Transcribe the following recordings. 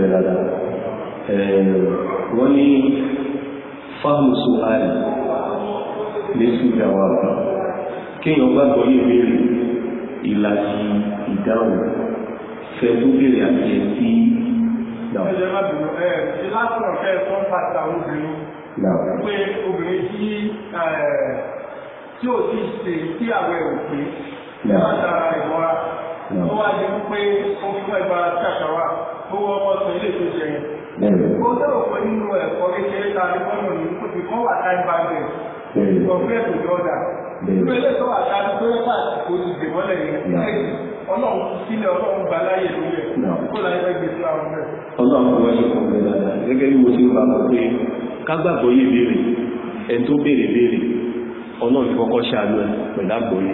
rẹ̀ dáadáa wọ́n ní fáàmù sùhárì lè sùn dáwà bá kéèyàn gbàgbọ́ yé béèrè ìlàjì ìdáhùn fẹ́ tó béèrè àti ẹ̀ sí náà. ẹ̀jẹ̀ má bínú ẹ̀ ṣe láti ọ̀fẹ́ fún pàtàkì àwọn obìnrin pé obìnrin tí tí ò ti ṣe tí àwẹ̀ ò pé látara ìmọ̀ra tó wá di pé ó fún ẹgbàá ṣàṣàwà. tó wọ́n mọ́ sọ ilé ìtòsí ẹ̀yìn. Ó tẹ́wọ̀ pé nínú ẹ̀kọ́ kékeré ta ní kọ́nà ní kò sí kọ́ wà táì bá bẹ̀. Ìgbọ̀nfẹ́ ètò ìjọba. Ìgbẹ́ ilé tó wà táì tó yẹ káàkiri kò sì dè mọ́lẹ̀ yẹn. Ọlọ́run sílẹ̀ ọlọ́run gbà láyè lórí Kó láyé fẹ́ gbé síra wọn Ọlọ́run wọ́n ṣe ẹni tó béèrè béèrè, ọlọ́run kọ́kọ́ ṣàánú pẹ̀lú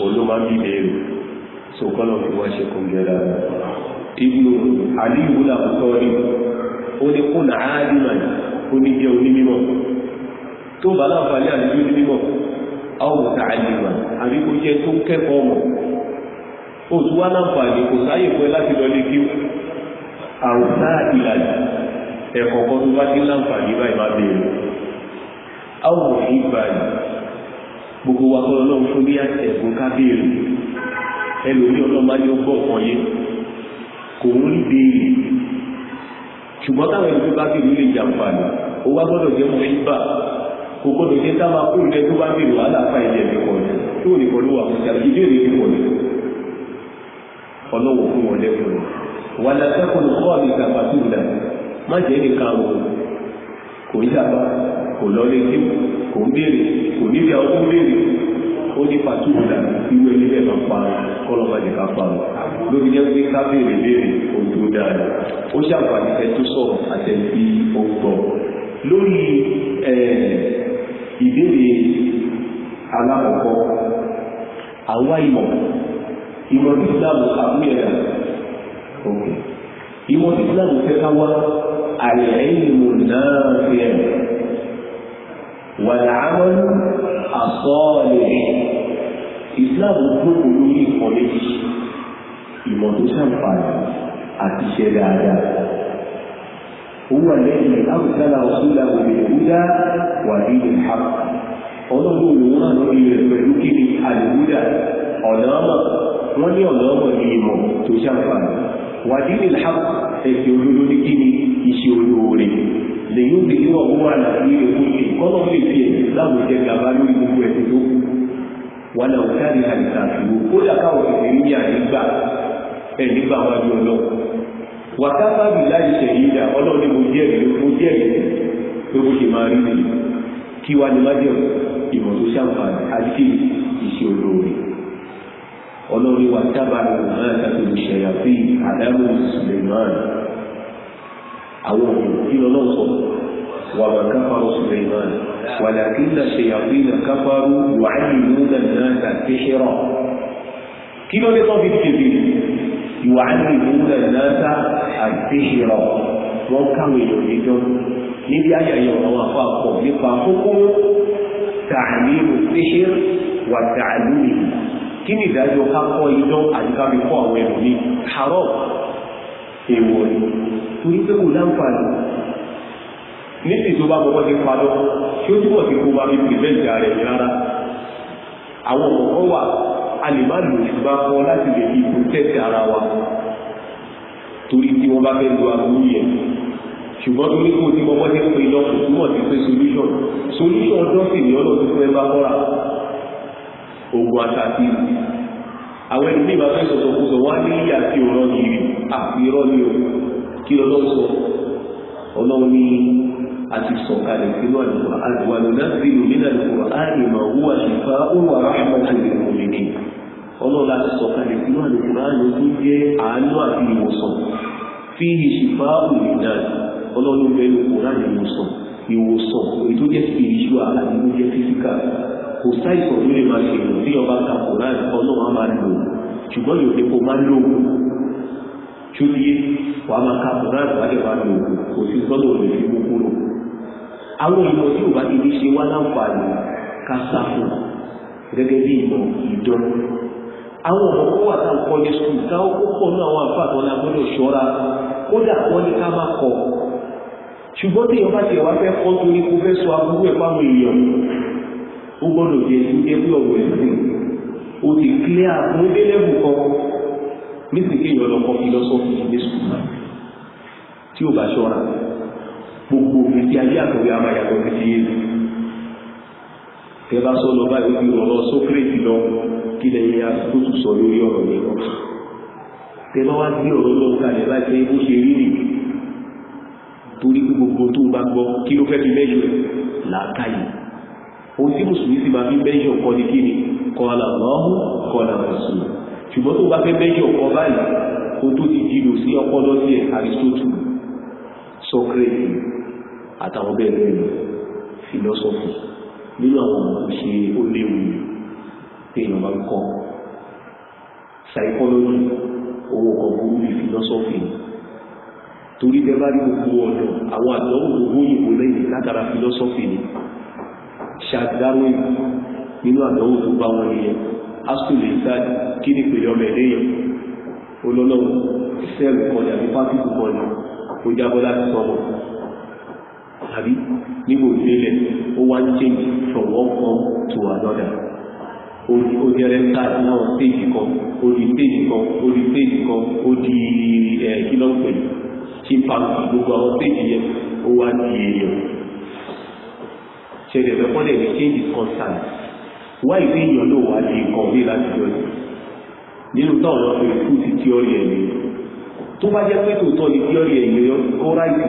òun ló máa ibnu ali ibùdó àkùtọ́rí ó ní kún àádìmọ̀ ó ní jẹ́ onímọ̀ tó bá láǹfààní àdúgbò onímọ̀ ọ̀hún ta àdìmọ̀ àbí kó jẹ́ tó kẹ́kọ̀ọ́ mọ̀ ó tún wá láǹfààní kò sáyè fún ẹ láti lọ lé kí àrùn sáà ìlàjì ẹ̀kọ́ kan tó bá ti láǹfààní báyìí má béèrè àwọn òfin gbogbo wa kọ́ lọ́wọ́ fún ní ẹ̀bùn ká béèrè ẹlòmí ọlọ́mọdé kò ń rí béèrè ṣùgbọ́n táwọn ẹni tó bá béèrè lè jàǹfààní ó wá gbọ́dọ̀ jẹ́ mọ́ ṣíbà kò gbọ́dọ̀ jẹ́ táwọn akóòlẹ́ tó bá béèrè wàhálà fa ilẹ̀ mi kọ̀ ní tó ní kọ́ ló wà fún ìjàmbá ìbéèrè mi kọ̀ ní ọlọ́wọ́ fún wọn lẹ́kùn wà látẹ́kùn kọ́ mi kàfà tó dà má jẹ́ ní o kò ń jàmbá kò lọ lé kí kò lórí jẹ́ pé kábèrè léèrè ojú dáadáa ó ṣàǹfààní ẹ tó sọ̀rọ̀ àtẹ̀sí ọgbọ̀ lórí ìbéèrè alákọ̀ọ́kọ́ àwa ìmọ̀ ìmọ̀ tí Islam àmúyẹ̀dà òkè ìmọ̀ tí Islam fẹ́ ká wá àlẹ́yìnmù náà fi ẹ̀ wà láàmọ́lú àsọ́ọ̀lẹ̀ Islam gbogbo lórí ìkọ̀ ìmọ̀ tó ṣàǹfààní àti iṣẹ́ dáadáa. Owó àlẹ́yìn àbùtálà ọ̀ṣúlá òbí ìwúdá wà ní ìhà. Ọlọ́run òun náà lórí rẹ̀ pẹ̀lú kí ni àlùwúdà ọ̀nà ọmọ wọ́n ní ọ̀nà ọmọ ní ìmọ̀ tó ṣàǹfààní. Wà ní ìhà ẹ̀sìn olóró ní kí ni iṣẹ́ olóore. Lèyìn òbí ní ọ̀hún wà láti ilé òkú ní kọ́lọ́ lè fi ẹ̀sìn láwùjẹ gàba lórí gbogbo ẹ̀sìn tó kù. Wà ẹ̀ nígbà wá ní ọlọ́run wàtábà mi láì ṣẹ̀yí ìdá ọlọ́run ni mo jẹ́rìí mo jẹ́rìí pé mo ṣe máa rí mi kí wá ní májẹ̀ ìmọ̀ tó ṣàǹfààní àti ìṣe olóore ọlọ́run wàtábà mi máa ṣàtúnṣe ṣẹ̀yà fi àdámù Suleiman àwọn òkú kí lọ́lọ́run sọ وما كفر سليمان ولكن الشياطين كفروا يعلمون الناس السحر كيلو لطبيب كبير ìwà àdìmúlẹ̀ náà àti ìrọ̀ wọ́n káwọn èèyàn níjọ níbi ayẹyẹ àwọn àpapọ̀ nípa kókó tààlímù síhìr wà tààlímù kí ni ìdájọ́ ká kọ́ idán àti ká fi kọ́ àwọn ẹ̀rọ ní àárọ̀ èèwọ̀ ni torí pé kò láǹfààní níbi tó bá gbọ́gbọ́ ti padọ́ tí ó túbọ̀ ti kó bá fi pèsè ìjà rẹ̀ rárá àwọn ọ̀kọ́ wà a lè má lò ìṣúgbà kọ́ láti lè fi protect ara wa torí tí wọ́n bá fẹ́ lo aburú yẹn ṣùgbọ́n torí kò tí wọ́n ti pè lọ kò túmọ̀ sí pé solution solution ọjọ́ sì ní ọlọ́run fún ẹ bá kọ́ra oògùn àtàkì àwọn ẹni bíi bàbá ìsọ̀tọ̀ kò sọ wá ní ìyá tí ò rán yìí àfi irọ́ ni o kí ọlọ́run sọ ọlọ́run ní àti sọ̀kalẹ̀ sínú àdìgbò àdìgbò àdìgbò sí ìlú nínú àdìgbò àdìgbò àdìgbò àdìgbò àdìgbò àdìgbò àdìgbò àdìgbò àdìgbò ọlọ́run láti sọ̀kalẹ̀ fún àlùkùránì tó jẹ́ àánú àti ìwòsàn fi ìṣìfà òyìnbá ọlọ́run bẹ́ẹ̀ kùránì ìwòsàn ìwòsàn ètò jẹ́ spiritual àti ètò jẹ́ physical kò sáìsàn ló lè máa ṣe ìrìn tí ọba ka kùránì ọlọ́run á máa lò ṣùgbọ́n yóò dépò máa lò ṣóyé wàá máa ka kùránì wájú wa lò kò sí sọ́dọ̀ òní fi mú kúrò àwọn ìmọ̀ tí ò bá ti ní ṣe wá láǹfààní ká sáfù gẹ́gẹ́ bí ìmọ̀ ìdán àwọn òkú wà tá à ń kọ́ ní sùkúl káwọn kó pọ̀ ní àwọn àfáà tó ní agbọ́dọ̀ ṣọ́ra kódà wọ́n ní ká má kọ̀ ṣùgbọ́n tí ìyọba tiẹ̀ wá fẹ́ kọ́ torí kó fẹ́ sọ aburú ẹ̀ fáwọn èèyàn ó gbọ́dọ̀ jẹ́ sí ẹbí ọ̀rọ̀ ẹ̀sìn ó ti clear fún délẹ́bù kan nísìnyí èèyàn lọ kọ́ philosophy ní sùkúl tí ò bá ṣọ́ra gbogbo òfin tí ayé àtọ̀wé a máa yàtọ̀ sí ti yé tẹ bá sọ lọ kílẹ̀ yẹn a tó tún sọ lórí ọ̀rọ̀ yẹn lọ. tẹ bá wá gbé ọ̀rọ̀ lọ kalẹ̀ bá jẹ́ bó ṣe rí rì torí gbogbo tó bá gbọ́ kí ló fẹ́ fi mẹ́jọ ẹ̀ làákàyè ohun tí mùsùlùmí sì máa fi mẹ́jọ kọ́ ni kí ni kọ́lá lọ́hùn kọ́lá mùsùlùmí ṣùgbọ́n tó bá fẹ́ mẹ́jọ kọ́ báyìí ohun tó ti jìnnà sí ọpọlọ sí ẹ̀ Aristotle Socrates àtàwọn bẹ́ẹ̀ bẹ́ẹ̀ lọ fìlọ́sọ́fù nínú àwọn ọmọ ṣe ó yìí tí bá ń kọ́ psychology owó kan burú ní philosophy torí bẹ́ẹ̀ bá rí gbogbo ọ̀dọ̀ àwọn àdánwò gbogbo òyìnbó lẹ́yìn látara philosophy ni ṣàdáròyìn nínú àdánwò tó bá wọn nìyẹn asùlè ìsáàdì kí ní pèlè ọmọ ẹ̀lẹ́yàn olólọ́wọ́ sẹ́ẹ̀lù kọlẹ̀ àbí pásítù kọlẹ̀ ó jábọ́ láti sọmọ̀ àbí nígbò ìdílẹ̀ ó wá ń change from one form to another odi odi ẹlẹ́ta náà stage kan odi stage kan odi stage kan odi ẹ̀ kìlọ̀ pẹ̀ chimpanzee gbogbo àwọn stage yẹn ó wá di èèyàn ṣẹlẹ̀ mẹ́kọ́ lè ní change is constant wá ìwé èèyàn ló wá di nǹkan bí láti jọ ní nínú táwọn lọ fi kú sí tíọ́rì ẹ̀ ni tó bá jẹ́ pé tòótọ́ ni tíọ́rì ẹ̀ yẹn ó ráìtì yẹ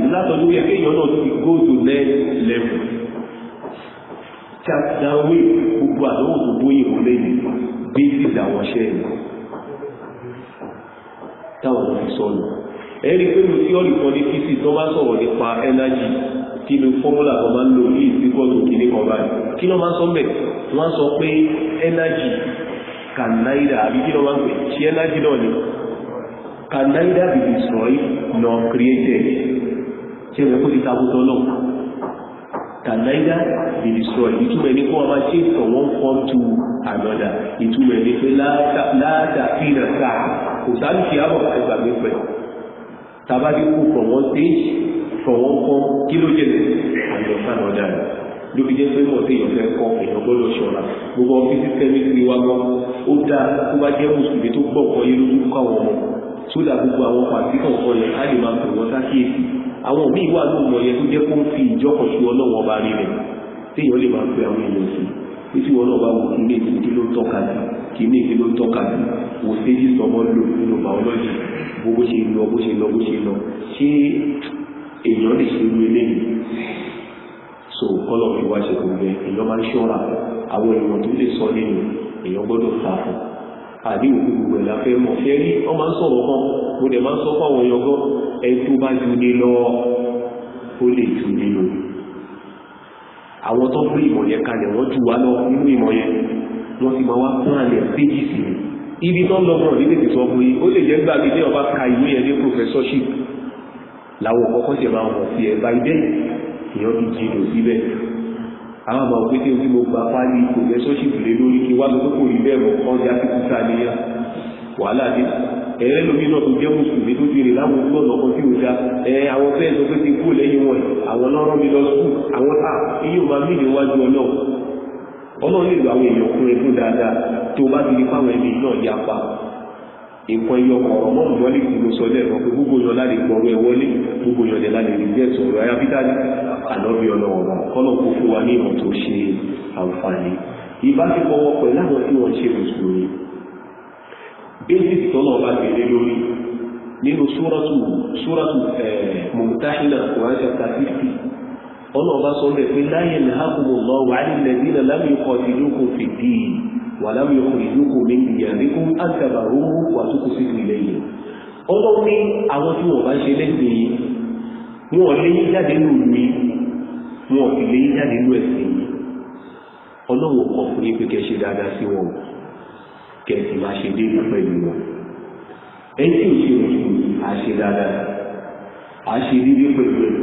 kéèyàn náà ti go to next level ṣàdáwé gbogbo àdánwò tó bóyè wọn lẹ́yìn bíbí làwọn ṣẹ́ ẹ̀ táwọn fi sọnù ẹ̀rí pé mo tí ọ̀rì kan ní fíìsì tó bá sọ̀rọ̀ nípa ẹnájì kí ni fọ́múlà kan máa ń lò ní ìsìnkú ọ̀tún kìíní kan báyìí kí ló máa ń sọ mẹ́ wọ́n sọ pé ẹnájì kànáìdà àbí kí ló máa ń pè ṣe ẹnájì náà ni can neither be destroyed nor created ṣe mẹ́kún ti tabutọ́ náà can neither be destroyed ìtumọ̀ ẹni kó ọmọ change from one form to another ìtumọ̀ ẹni pé látàfin àṣà kò sáré fi àbọ̀ ẹgbàgbé pẹ̀ tàbádé kó from one stage from one form kí ló jẹ́lẹ̀ àyọ̀fà ọ̀dà rẹ̀ lóbi jẹ́ pé mọ̀ sí ìyọ̀fẹ́ kọ́ èèyàn gbọ́dọ̀ ṣọ́ra gbogbo ọ́fíìsì kẹ́míkì wa gbọ́ ó dáa tó bá jẹ́ mùsùlùmí tó gbọ́ ọ̀kan yé lójú káwọn ọmọ sódà gbogbo àwọn pàtíkọ̀ ọ̀kan yẹn á lè máa pè wọ́n sákìyèsí àwọn míì wà ló mọ̀ yẹ tó jẹ́ kó ń fi ìjọkàn sí ọlọ́wọ́ ọba rí rẹ̀ téèyàn lè máa pe àwọn èèyàn sí pé tí wọn náà bá wò kí ní èsì kí ló ń tọ́ka sí kí ní èsì ló ń tọ́ka sí wò séjì sọmọ lò nínú biology bó bó ṣe lọ bó ṣe lọ bó ṣe lọ ṣé èèyàn lè ṣe irú eléyìí so kọ́lọ̀ fi wá ṣe kò bẹ èèyàn máa ń ṣọ́ra àwọn èèyàn tó lè sọ nínú èèyàn gbọ́dọ̀ sá fún àbí òkú gbogbo ẹ̀lá fẹ́ mọ̀ ṣe rí ọmọ ń sọ̀rọ̀ kan mo dẹ̀ máa ń sọ fáwọn yọgọ́ ẹ tó bá ju ní lọ ó lè jù nínú àwọn tó gbé ìmọ̀ yẹn kalẹ̀ wọ́n jù wá lọ nínú ìmọ̀ yẹn wọ́n ti máa wá fún àlẹ̀ péjì sí i ibi tó ń lọ́gbọ̀n ní tètè sọ pé ó lè jẹ́ gbàgbé ní ọba ka ìwé yẹn ní professorship làwọn kọ́kọ́ sì máa wọ̀ sí ẹ̀ báyìí bẹ́ẹ̀ ìyọ́n ti jìnnà síbẹ̀ àwọn àgbà òkété ojú mo gba pálí kò jẹ́ sọ́ṣìpù lé lórí kí wá sọ pé kò rí bẹ́ẹ̀ mọ́ ọjà kíkú ta nìyẹn wàhálà dé ẹ̀rẹ́ lómi náà tó jẹ́ mùsùlùmí tó ti rìn láwọn ojú ọ̀nà kan tí ò dá ẹ àwọn fẹ́ẹ̀ sọ pé ti kú lẹ́yìn wọn àwọn lọ́rọ́ mi lọ sùn àwọn tá iye máa mí níwájú ọlọ́run ọlọ́run lè lo àwọn èèyàn fún ẹkún dáadáa tó bá ti rí fáwọn ìkọ ẹyọ ọ̀rọ̀ mọ́ ìjọ lè kúrò sọ lẹ́ẹ̀kan pé gbogbo yọ láti gbọ́ ọ̀rọ̀ ẹ̀wọ́ lé gbogbo yọ lẹ́ láti rí bẹ́ẹ̀ sọ̀rọ̀ ayá bí dájú àlọ́bí ọlọ́wọ́ kọ́nà kó fún wa ní ìmọ̀ tó ṣe àǹfààní ìbáṣepọ̀ wọ àwọn tí wọ́n ṣe mùsùlùmí basic tọ́nà ọba gbèlé lórí nínú súrọ́tù súrọ́tù mùtáhínà kùrán chapter fifty ọlọ́ọ̀bá sọ wàlámù yóò rí lóko mi ìyá mi kó àtàbà owó wà tó kó sínú ilé yìí ọlọ́run ní àwọn tí wọ́n bá ṣe lẹ́sìn yìí wọn ò léyìn jáde nù mí wọn ò sì jáde nù ẹ̀sìn yìí ọlọ́run kọ̀ fún yín pé kẹ́ ṣe dáadáa sí wọn kẹ́ máa ṣe déédéé pẹ̀lú wọn ẹni tí ò ṣe mùsùlùmí àṣe dáadáa àṣe déédéé pẹ̀lú ẹ̀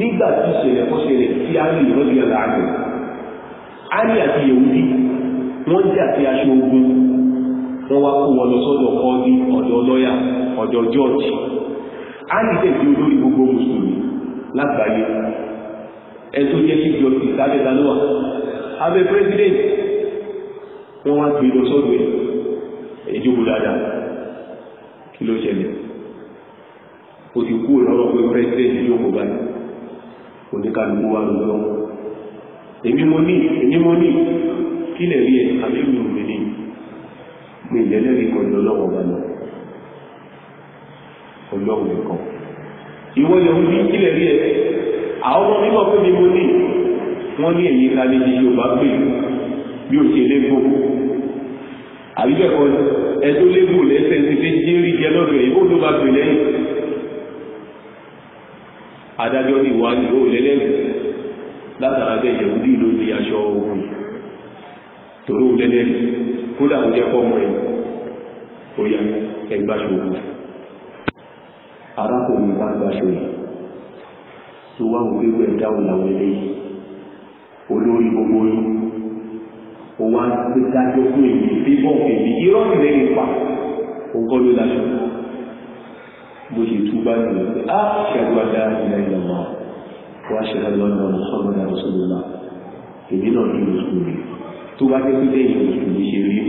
nígbà tí ìṣẹ̀lẹ̀ kọ́ṣẹ̀lẹ̀ tí a rí ìrọ́lẹ̀ àgbẹ̀ á ní àti yẹ̀wù bíi wọ́n jà sí aṣọ ogun wọ́n wá kó wọn lọ sọ́dọ̀ kọ́ọ̀dí ọ̀dọ̀ lọ́yà ọ̀dọ̀ jọ́ọ̀jì ánìtẹ̀ di olórí gbogbo mùsùlùmí lágbàáyé ẹ tó jẹ́ sí jọ́ọ̀jì sábẹ́ dalóà abẹ́ pírẹ́sidẹ́ǹtì wọ́n wá gbé lọ sọ́dọ̀ ẹ̀ ìjókòó dáadáa kí ló ṣẹlẹ̀ ó ti kú ìrọ̀rọ̀ pé pírẹ́sidẹ́ǹtì ìjókòó báyìí oníkàlùkù wà lọ́wọ́ èmi mo ní èmi mo ní kí lè rí ẹ àbí mi ò lè ní mi ìlẹ́lẹ́rìí kan ní ọlọ́wọ́ bá lọ ọlọ́wọ́ nìkan ìwọ yòówù ní kí lè rí ẹ àwọn ọmọ mímọ́ pé mi mo ní wọ́n ní èyí ta ní yíyí ọba pè bí ó ṣe lébò àbí bẹ́ẹ̀ kọ́ ẹjọ́ lébò lẹ́sẹ̀ ti fi jérí jẹ lọ́dọ̀ èyí ó ló bá pè lẹ́yìn adájọ́ ni ìwà ni ó lẹ́lẹ́rìí látara bẹ́ẹ̀ yẹ̀wù ní ìlú ní aṣọ ogun torí ó lẹ́lẹ́ rí kódà ó jẹ́ fọ́mọ ẹ̀ ó yá ẹgbàṣòwò arákùnrin bá gbàṣòwò tó wá òwúrú ẹ̀dá òlàwọ̀ eléyìí olórí gbogbo yìí ó wá gbé dájọ́ fún èmi bíbọ̀ èmi irọ́ sì lẹ́yìn pa ó kọ́ ló láṣọ bó ṣe tú bá nìyẹn pé á ṣàdó adá ilẹ̀ ìlọ́mọ wá ṣe lọ́dọ̀ ọ̀sán lọ́dọ̀ ọ̀sán lọ́dọ̀ èmi náà dúró sùn tó bá jẹ́ pílẹ̀ èèyàn mùsùlùmí ṣe rí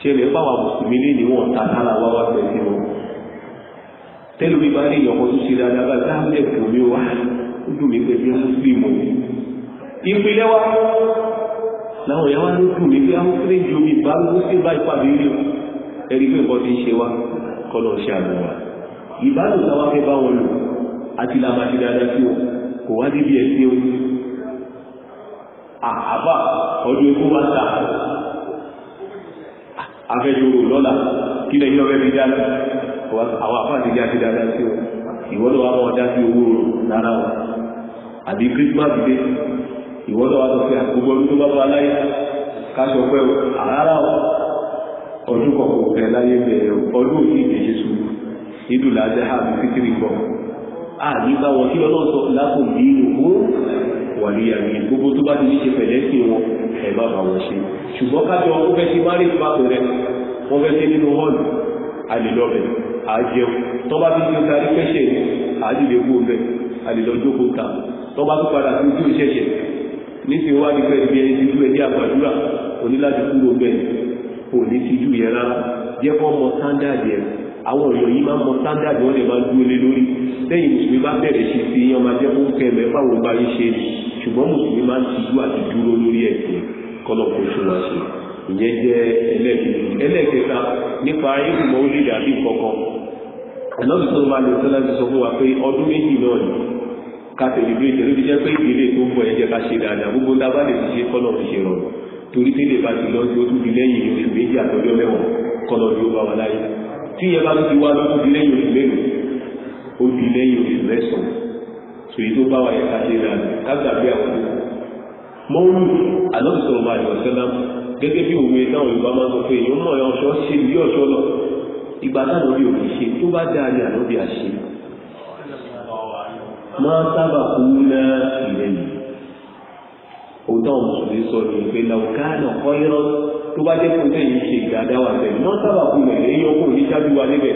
ṣe rẹ̀ pàwà mùsùlùmí lè níwọ̀n ta sára wá wá fẹ́ sí wọn tẹ́lú bí bá rí èèyàn kan tó ṣe dáadáa bá dáhùn ẹ̀kọ́ mi wá ó dùn mí pé bí mùsùlùmí ni ìpínlẹ̀ wa láwọn ìyàwó ló dùn mí pé àwọn fúlẹ̀ ju omi ìbá ló sí bá ipa mi rí ẹ̀rí pé nǹkan ti ń ṣe wá kọ́ lọ ṣe àmì wa ìbálò táwa fẹ́ bá wọn lò àti làmàṣe dáadáa sí kò wá níbi ẹ̀sìn omi àbá ọdún ikú bá ta afẹ́jọ́rò lọ́la kí lẹ́yìn ọ̀rẹ́ fi dáadáa àwọn àbá ti dá dáadáa sí o wa owó lára o àbí Christmas day ìwọ́dọ̀ wa sọ àgbogbo ọdún tó bá bá láyé káṣọ àrárá ọdún láyé bẹ̀rẹ̀ ọdún wàlíyà ní gbogbo tó bá ti ní ṣe pẹ̀lẹ́ sí wọn ẹ̀ má bà wọ́n ṣe ṣùgbọ́n kájọ ó fẹ́ sí márì bá bẹ̀rẹ̀ wọ́n fẹ́ sí nínú họ́ọ̀lù alìlọ́bẹ̀ àjẹun tó bá fi tí ó tarí pẹ́ṣẹ̀ ní àdìlẹ̀ owó bẹ̀ alìlọ́jókòó ta tó bá tó padà sí ojú ìṣẹ̀ṣẹ̀ nísìnyí wá ní pẹ́ ibi ẹni tìjú ẹni àgbàdúrà oníláti kúrò bẹ́ẹ̀ kò ní tìjú yẹn rárá jẹ́ kọ́ mọ sándàdì ẹ̀ àwọn èèyàn yìí máa mọ sándàdì wọn lè máa dúró lé lórí lẹ́yìn mùsùlùmí bá bẹ̀rẹ̀ sí sí ọmọ ajẹ́kùn kẹmẹ́ fáwọn bá yìí ṣe ṣùgbọ́n mùsùlùmí máa ń tijú àti dúró lórí ẹ̀sìn kọ́nà kó fún wa ṣe ìyẹn jẹ́ ẹlẹ́ẹ̀kẹta nípa ìgbìmọ̀ orílẹ̀-èdè àbí kọ̀ọ̀kan ẹ̀lọ́dún tó máa lè sọ́lá ti sọ fún wa pé ọdún méjì náà ni ká tẹ̀lé bí ìtẹ̀lé fi jẹ́ pé ìdílé tó ń bọ̀ ẹ̀jẹ̀ ká ṣe dáadáa gbogbo tá a bá lè fi ṣe kọ́nà fi ṣe rọrùn torí tẹ́lẹ̀ bá ti lọ sí ojú di lẹ́yìn oṣù méjì àtọ́jọ́ mẹ́wọ̀n kọ́nà ni ó bá wa láyé tí ìyẹn bá tún ti wá lọ́kùn di lẹ́yìn oṣù mélòó ó di lẹ́yìn oṣù mẹ́sàn-án èyí tó bá wáyé ká ṣe dáa kágbàgbé àwọn tó mọ́rù alọ́sọ̀rọ̀ máa yọ̀ sẹ́lá gẹ́gẹ́ bí òwe táwọn Yorùbá máa sọ pé èèyàn mọ̀ ọ̀ṣọ́ ṣe bí ọ̀ṣọ́ lọ ìgbà táwọn bí òkè ṣe tó bá dáa ní àlọ́ bí a ṣe máa sábà kú ná ilẹ̀ yìí òun táwọn mùsùlùmí sọ ní ìpè làwùkánà kọ́yọ́rọ́ tó bá jẹ́ fún tẹ̀yìn ṣe ìgbàdáwà tẹ̀ máa sábà kú ilẹ̀ èèyàn kò ní jáde wa níbẹ̀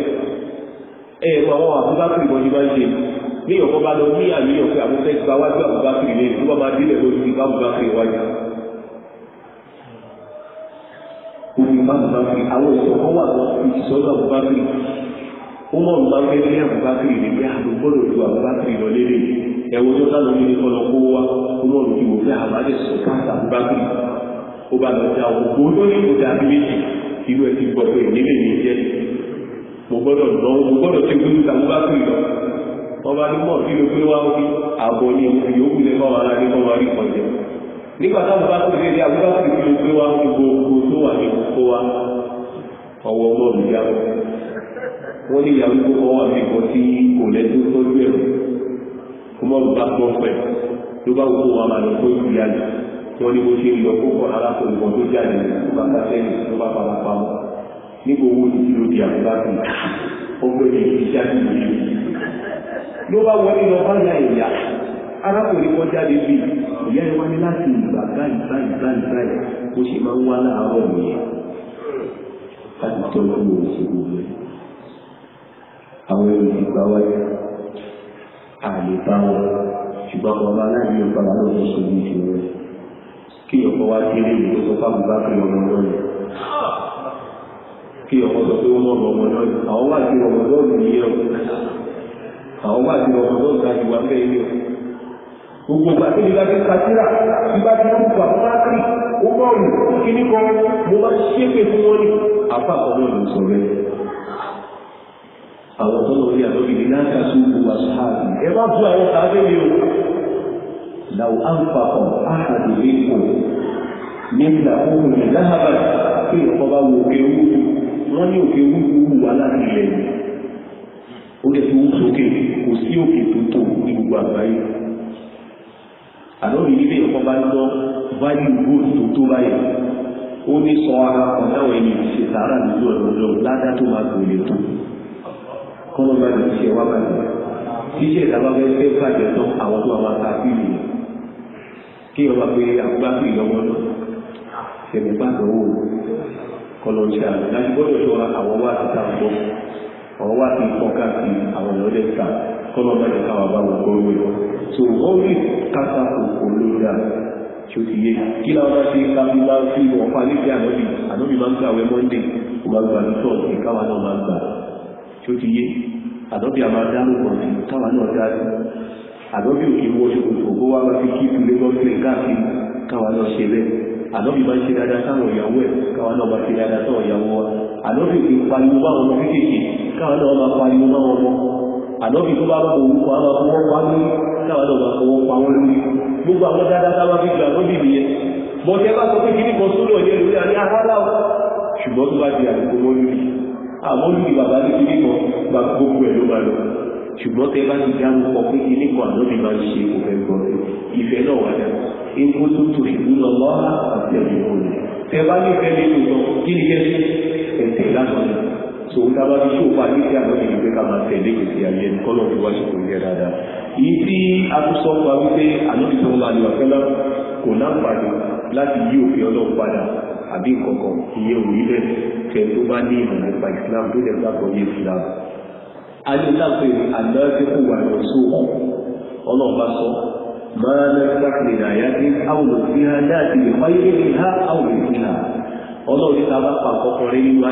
ẹ̀ẹ̀kọ́ àwọn àbúrò ní ọ̀pọ̀ bá lọ ní àníyàn pé àwọn fẹ́ gba wájú àbúgbàkiri lé ní wọ́n máa dílé lórí ìgbà àbúgbàkiri wájú. Omi ìgbà àbúgbàkiri àwọn ìṣọ̀ kan wà lọ ìṣọ́jú àbúgbàkiri. Wọ́n mọ̀ nígbà pé ní àbúgbàkiri ní pé àdúgbòrò ju àbúgbàkiri lọ lé lèyí. Ẹ̀wọ̀n tó sálọ ní ọ̀nà kó wa wọ́n mọ̀ ní ìwòfẹ́ àbájẹ́ sọ káàkiri àbúgbàkiri. Ó bá lọ ja òkú lórí òdà méjì irú ẹ ti gbọ́ pé ọba ní mọ̀ sí ló pé wá wí àbọ̀ ní òkú yòókù lè fọwọ́ ara ní kọ́ máa rí kan jẹ nígbà táwọn bá ti léde àbúrò sí ló pé wá wí gbogbo tó wà ní kókó wa ọwọ́ ọmọ mi yá wọn wọ́n ní ìyàwó kókó wà ní kan tí kò lẹ́tọ́ tọ́jú ẹ̀rọ ọmọ mi bá gbọ́n pẹ̀ ló bá wù wá máa lọ tó ìlú yálẹ̀ wọ́n ní bó ṣe lọ kókó alákòókò tó jáde ló bá wọlé lọ bá ya ìyá arákùnrin wọn jáde bí ìyá ẹ wáyé láti ìgbà báyìí báyìí báyìí báyìí ó sì máa ń wá láàárọ̀ nìyẹn láti tọ́jú òṣèlú rẹ̀ àwọn èèyàn ìgbà wáyé àlè bá wọn ṣùgbọ́n àwọn ọba aláìní ọba wà lọ́wọ́ sórí ìṣòro rẹ̀ kí ọkọ̀ wá sí ilé ìlú tó sọ fáwọn bá kiri ọmọ náà yẹn kí ọkọ̀ sọ pé wọ́n mọ̀ ọmọ náà àwọn wà sí ọmọ náà nìyẹn àwọn wà ní ọ̀dọ́ tó ń ta ìwà mẹ́ ilé o gbogbo ìgbà tí ìgbà tí kàtírà ìgbà tí wọ́n fà pátì ó bọ̀rù kíní kan mo máa ṣépè fún wọn ní apá ọ̀nà ìlú sọ̀rọ̀ ẹ̀ àwọn tó lórí àlóbi ní náà kà sóògùn wà sáàbì ẹ má tú àwọn sáàbì mi o làwọn àǹfààkọ̀ àhàdì lè kò nígbà ohun ìdáhàbà kí ìkọ́ bá wo òkè wúwo wọ́n ní òkè wúwo wà láti ilẹ̀ yìí ó lè fi wú sókè kò sí òkè tó tó ní gbogbo àgbáyé àlọ́ ìrírí ẹ̀kọ́ bá ń lọ báyìí gold tó tó báyìí ó ní sọ ara kan táwọn ẹni ṣe sàárà nílò ọ̀rọ̀ ládá tó máa gbòòlè tó kọ́nà bá ti ṣe wá bàjẹ́ ṣíṣe ìdábàbẹ́ fẹ́ bàjẹ́ tán àwọn tó máa ta fíìlì kí ọba pé àgbàgbé ìyọmọ náà ṣẹ̀mí gbàgbọ́ wò kọ́nà ṣe àgbẹ̀ láti gbọ́dọ̀ ṣọ́ra àwọn wá àti ọ̀rọ̀ wá sí sọ káàkiri àwọn èèyàn lè ta kọ́nà bá lè káwà bá wọn kó lóye so wọ́n rí kápá kòkó ló dà tí ó ti yé kí láwọn bá ṣe ká bí máa ń fi wọ́n pa níbi ànọ́bì ànọ́bì máa ń gbà wẹ́ mọ́ndé kò máa gbà ní sọ́ọ̀tì káwa náà máa gbà tí ó ti yé ànọ́bì àmà dárò kan sí káwa náà dárò ànọ́bì òkè wọ ṣòkòtò kó wá wá sí kí ìtúlé lọ́sẹ̀ káàkiri káwa náà ṣe bẹ́ẹ̀ ànọ́bì máa ń ṣe dáadáa sáwọn ìyàwó ẹ̀ káwa náà máa ṣe dáadáa sáwọn ìyàwó wa ànọ́bì kì í pariwo bá wọn kéékèèké káwọn náà máa pariwo bá wọn mọ́ ànọ́bì tó bá bá òun kọ́ àwọn fọwọ́ pa ní káwọn náà máa fọwọ́ pa wọn lórí gbogbo àwọn dáadáa táwọn fi gbà lọ́bì nìyẹn bọ́tẹ́ bá sọ pé kíní kan sólò ẹ̀jẹ̀ lórí àní ahárá o ṣùgbọ́n tó bá di àdúgbò wọn lórí àwọn olùdí bàbá ní kíní kan gba gbogbo ẹ̀ ló máa lọ ṣùgbọ́n tẹ bá ti dáhùn kọ pé kíní kan ànọ́bì máa ń ṣe òfẹ́ gbọ́n ìfẹ́ náà wà dá ewu tó tẹ bá nífẹ̀ẹ́ nínú kan kí ni kẹ́sì ẹ̀sìn lásán ni sòun tá a bá fi ṣó pa ní sí àwọn ènìyàn pé ká máa tẹ̀lé gbèsè ayé kọ́nà fi wá ṣòkò yẹ dáadáa èyí tí a tún sọ pa wípé àlóbi tó ń bá ní ọ̀fẹ́ náà kò láǹfààní láti Islam tó gbàgbọ́ ní Islam sọ ha ha. ọlọ́run tá a bá pa àkọ́kọ́ wa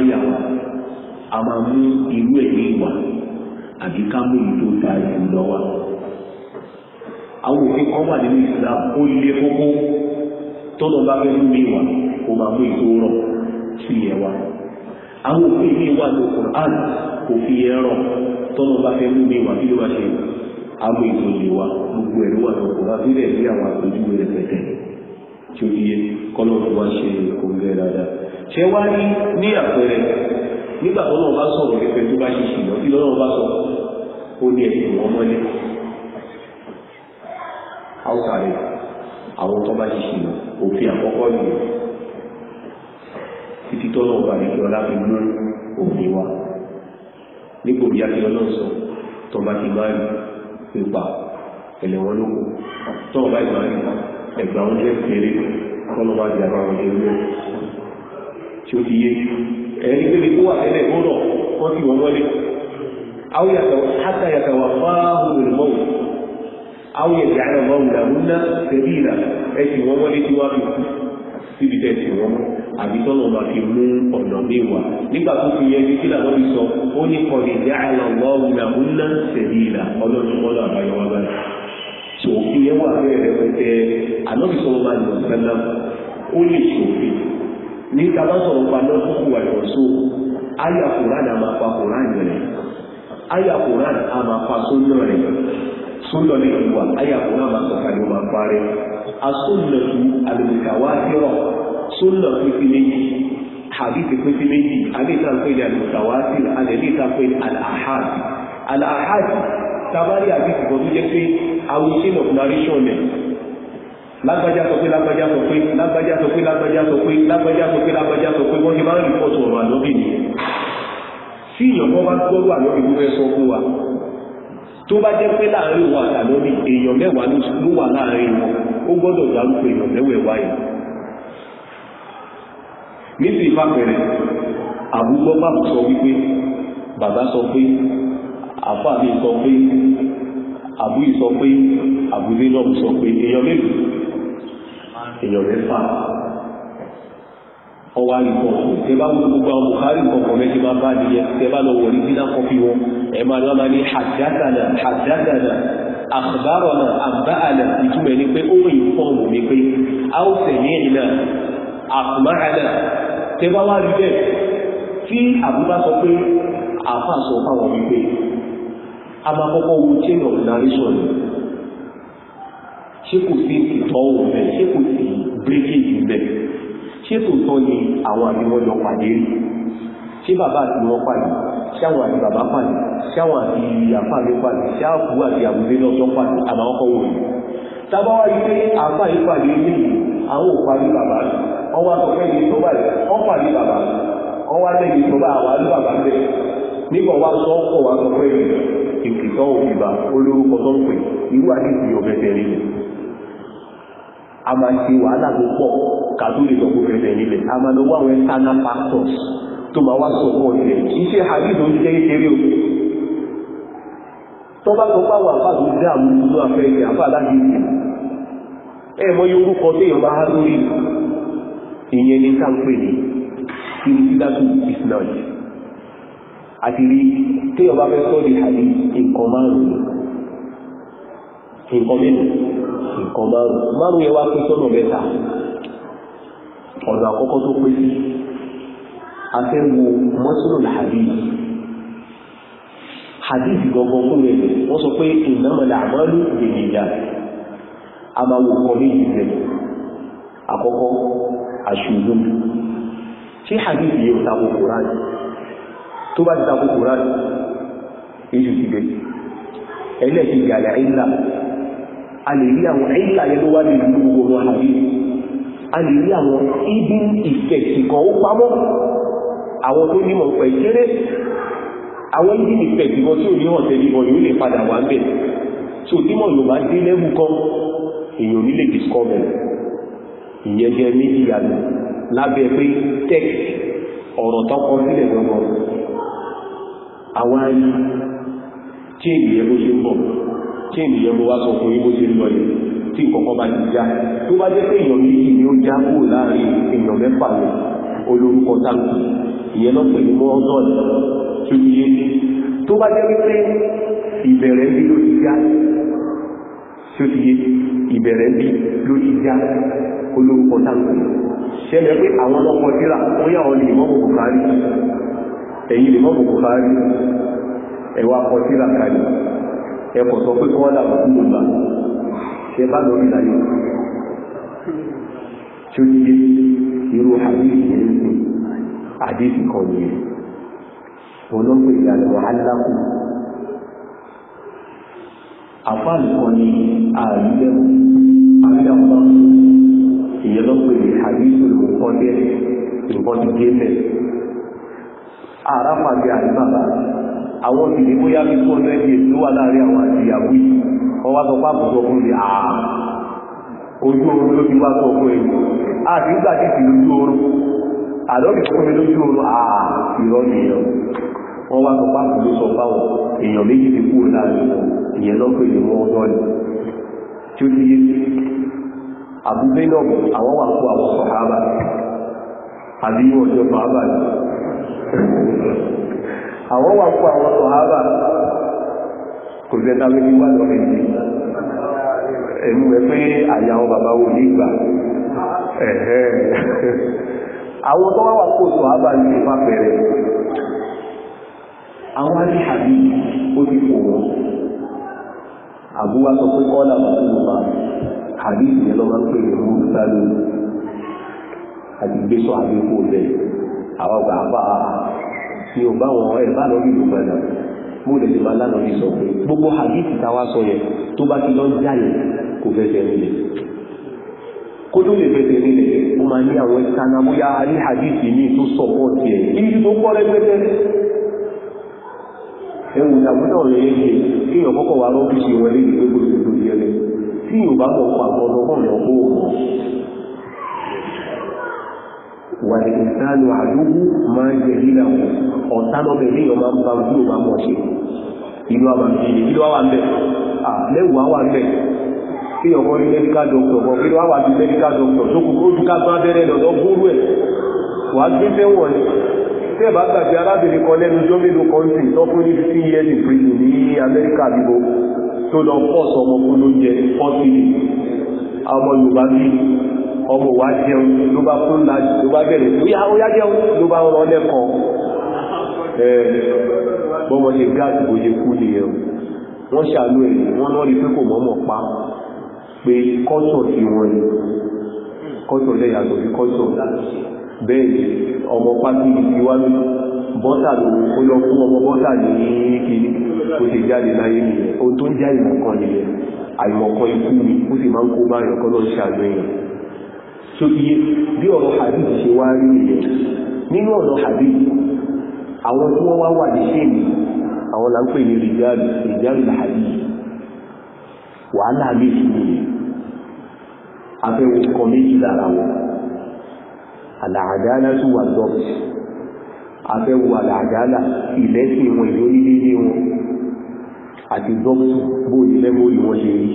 a máa mú irú ẹ̀ ìwà àbí ká mú tó ìlú wa. àwọn òfin kan wà nínú Islam ó lé kókó tọ́lọ̀ bá fẹ́ mú kó máa mú rọ̀ sí wa. àwọn òfin mi wà ní Quran kò fi rọ̀ tọ́lọ̀ bá fẹ́ mú kí ló ṣe àwọn ètò gbogbo ẹ̀rọ wà wa ṣe kò ń gẹ́ dáadáa. ṣé wá rí ní àpẹẹrẹ nígbà tó náà bá sọ̀rọ̀ nípa tó bá ṣe ṣìyàn kí lọ́nà bá sọ ó ní ẹ̀sìn wọn mọ́lé áùsàrẹ̀ àwọn tó bá ṣe ṣìyàn òfin àkọ́kọ́ nìyẹn títí tó náà bá kí ọlá fi mú òfin wa nígbò bí akí ọlọ́run sọ tó bá ti máa rí ipa ẹ̀lẹ̀wọ̀n ló tó bá ìgbà rí ẹgbà oúnjẹ kéré kọ́nà bá di àbáwọn ẹgbẹ́ tí ó fi yé ẹni pé ní kó wà tẹ́lẹ̀ gbọ́dọ̀ wọ́n ti wọ́n lọ́lẹ̀ àwọn yàtọ̀ hátà yàtọ̀ wà fáwọn olùmọ̀wò àwọn yàtọ̀ àná mọ̀ wùdà múná tẹ̀lé ìlà ẹ sì wọ́n lọ́lẹ̀ tí wọ́n fi kú síbi tẹ̀ sí wọn àbí tọ́nà máa fi mú ọ̀nà mi wà nígbà tó fi yẹ kí làwọn fi sọ ó ní kọ̀ọ̀dì dáhàlà wọ́n wùdà múná tẹ̀lé ìlà ọlọ́run kọ́lá ní tàbá sọ̀rọ̀ pa lọ́sùkù wà lọ́sù ayà kùrán a máa pa kùrán rẹ̀ ayà kùrán a máa pa sónà rẹ̀ sónà ní ìwà ayà kùrán a máa sọ̀kà ní máa pa rẹ̀ asónà tu àlùmíkàwá tírọ̀ sónà pípí méjì hadith pípí méjì àdéhà pé ní àlùmíkàwá tírọ̀ àdéhà pé ní àlàáhàd àlàáhàd tabari àdéhà kan tó jẹ́ pé àwọn chain of narration lágbájá sọ pé lágbájá sọ pé lágbájá sọ pé lágbájá sọ pé lágbájá sọ pé lágbájá sọ pé wọ́n ti máa ń rìpọ́tù ọ̀rọ̀ àlọ́bì ni tí èèyàn bá gbọ́rọ̀ àlọ́bì ló fẹ́ sọ fún wa tó bá jẹ́ pé láàrin òun àtàlọ́bì èèyàn mẹ́wàá ló wà láàrin wọn ó gbọ́dọ̀ dárúkọ èèyàn mẹ́wẹ̀ẹ́wá yìí níbi ìfàpẹ̀rẹ̀ àbúgbọ́ bàbù sọ wípé bàbá sọ pé àfáà sọ pé àbúyì sọ pé àbúlé náà sọ pé èèyàn mélòó èèyàn mẹ́fà ọwọ́ àríkọ̀ tẹ bá gbogbo àwọn bukari kọ̀ọ̀kan mẹ́jì máa bá nìyẹn tẹ bá lọ wọ̀rí bí náà kọfí wọn ẹ máa lọ́la ní hadathana hadathana akhbarana àbáàlà ìtumẹ̀ ni pé ó rìn fọ́ọ̀mù mi pé a ó tẹ̀lé ìrìnà àkùmáàlà tẹ bá wá rí ṣé kò sí ìtọ́ òun bẹ́ẹ̀ ṣé kò sí bíríkèjì bẹ́ẹ̀ ṣé tòótọ́ ni àwọn àbí wọn lọ pàdé rí ṣé bàbá àti wọn pàdé ṣé àwọn àti bàbá pàdé ṣé àwọn àti àfààní pàdé ṣé àbú àti àbúlé lọ́jọ́ pàdé àmà ọkọ̀ wò ní. tábàwá yìí pé àfààní pàdé ní ìlú àwọn ò parí bàbá ọwọ́ àtọ̀fẹ́ ni tó báyìí wọ́n parí bàbá ọwọ́ àtẹ̀yìn tó bá àwọn àlú bàbá bẹ́ẹ̀ nígbà wá sọ ọkọ̀ wá sọ pé ìkìtọ́ òfìbà olórúkọ tó ń pè irú àdìsí ọ̀fẹ́ tẹ̀lé lẹ̀ a máa ṣe wàhálà tó pọ̀ ká tó lè sọ fún fẹsẹ̀ nílẹ̀ a máa lọ wá àwọn external factors tó máa wá sọ pọ̀ ìrẹ̀ kì í ṣe àdìsí oúnjẹ kékeré o tó bá sọ páwọn àfáàdù dáàmú nínú afẹ́ ìṣẹ̀ àfáàdà yìí ẹ mọ iye orúkọ téèyàn bá há lórí ìyẹn ní sáńpé ní kí ní sídátù ìsìnáyìí àti rí tí ọba fẹ́ sọ́ọ̀dì àbí nǹkan márùn-ún nǹkan mẹ́rin nǹkan márùn-ún márùn-ún yẹn wá pín sọ́nà mẹ́ta ọ̀nà àkọ́kọ́ tó pín sí afẹ́ wo mọ́sùlùm àbí hadith gangan fún rẹ̀ wọ́n sọ pé innamal a'malu binniyat a máa wo nǹkan méjì rẹ̀ àkọ́kọ́ àṣùlùm ṣé hadith yìí ta kò kúránì tó bá ti tako Kùránì èṣù ti gbé ẹlẹ́ẹ̀kejì àlẹ́ ìlà a lè rí àwọn ìlà yẹn tó wá ní ìlú gbogbo wọn àbí a lè rí àwọn hidden effect kan ó pamọ́ àwọn tó ní mọ̀ pẹ̀ kéré àwọn hidden effect tí ò ní hàn tẹ́lẹ̀ yóò lè padà wá bẹ̀ tí ò tímọ̀ bá dé lẹ́bù kan èèyàn nílé discover ìyẹn jẹ́ méjì yàtọ̀ lábẹ́ pé tech ọ̀rọ̀ tọ́kọ sílẹ̀ gbọ́gbọ́n àwárí tí ènìyàn bó ṣe ń bọ̀ tí ènìyàn bó wá sọ fún yí ṣe ń lọ yìí tí ìkọ̀kọ́ bá ti já tó bá jẹ́ pé èèyàn méjì ni ó já kúrò láàrin èèyàn mẹ́fà lọ olórúkọ táǹkì ìyẹn lọ pè ní mọ́ọ́dọ̀lì tó ti yé tó bá jẹ́ pé ìbẹ̀rẹ̀ bí ló ti já tó ti yé ìbẹ̀rẹ̀ bí ló ti já olórúkọ táǹkì ṣẹlẹ̀ pé àwọn ọlọ́pọ̀ tíra wọ́n yà ọ lè mọ́ èyí lè mọ́ Bukhari ẹ̀wà kọtíra kalẹ̀ ẹ̀kọ̀ sọ pé kọ́ọ́dà mọ̀túnlọ́gbà ṣe bá lórí láyé tí ó yí irú àdíṣì yẹn sí àdíṣì kan ní ẹ̀ olóògbé ìlànà aláàkù àfáàlù kan ní àrílẹ̀mù àrílẹ̀mù ìyẹn lọ́pẹ̀ àdíṣì olùkọ́ dẹ́ nǹkan ti àràpàdé àti bàbá àwọn òbí bóyá bí kó lọ ẹbí ètò wà láàrin àwọn àtìyàwó yìí wọ́n wá sọ pé àbùsọ fún mi àá ojú oorun ló fi wá sọ fún ẹni àti lójú oorun fún mi lójú oorun wọ́n wá sọ pé àbùsọ sọ fáwọn èèyàn méjì ti kúrò láàrin wọn ìyẹn lọ́pọ̀ èdè wọn ọjọ́ ni tí ó ti yé àbúgbé náà àwọn àwọn wà fún àwọn sọ̀hábà kò fẹ́ dáwé ní wà lọ́rẹ̀ yìí ẹ̀mú ẹ pé àyà àwọn bàbá wò ní ìgbà ẹ̀hẹ́ àwọn tó wá wà fún sọ̀hábà ní ìfà bẹ̀rẹ̀ àwọn aṣàbí ó ti àbúwá sọ pé kọ́lá àbí lọ́wọ́ àwọn gbà bá mi ò bá wọn ẹ̀ bá lọ bí ìlú padà mo lè lè máa lánàá bí sọ pé gbogbo hadith táwa sọ yẹn tó bá ti lọ ń jà yẹn kò fẹsẹ̀ nílẹ̀ kó tó lè fẹsẹ̀ nílẹ̀ ó máa ní àwọn ìtànà bóyá ní hadith ní tó sọ̀pọ̀ tiẹ̀ ibi tó pọ̀ rẹ́gbẹ́tẹ́ ẹwù ìdàgbọ́nà rẹ̀ yé ṣe kí èèyàn kọ́kọ́ wà lọ́bí ṣe wọlé ìgbégbòsí tó yẹ wàlìkìtánù àdúgbò máa ń jẹ lílà ọ̀tánọ́bẹ̀ ní ọmọ bá ń gbúrò máa mọ̀ ṣe ìlú àmàmìlì ìlú àwà mẹ́ àlẹ́wà wà mẹ́ kí ọkọ̀ medical doctor bọ̀ kí wà bí medical doctor tó kù kó dúkà bá bẹ́rẹ̀ ẹ bá gbàgbé arábìnrin ọmọ wa jẹun ló bá fún láti ló bá bẹ̀rẹ̀ tó yá ó yá jẹun ló bá rọ lẹ́kọ̀ọ́ bọ́mọ ṣe gáàsì kò ṣe kú nìyẹn wọ́n ṣàánú ẹ̀ wọ́n lọ́rí pé kò mọ́mọ̀ pa pé kọ́sọ̀ sí wọn ni kọ́sọ̀ lẹ́yà tó fi kọ́sọ̀ bẹ́ẹ̀ ọmọ pátí ti wá ní bọ́tà ló ó lọ fún ọmọ bọ́tà ní kiri ó ṣe jáde láyé nìyẹn ohun tó ń já ìmọ̀kan nìyẹn àìmọ̀kan ikú ni ó sì máa ń kó báyọ̀ kọ́ lọ́ ṣàánú èèyàn so iye bí ọ̀rọ̀ hadith ṣe wá rí ilẹ̀ nínú ọ̀rọ̀ hadith àwọn tí wọ́n wá wà ní ṣéèmì àwọn là ń pè ní rìjáàlù rìjáàlù hadith wàhálà méjì nìyẹn afẹ́wò kan méjì lára wọn àlàádáná tó wà dọ́pì afẹ́wò àlàádáná ìlẹ́sìn wọn ìlú onídéédé wọn àti dọ́pì bóyí lẹ́mọ́rí wọn ṣe rí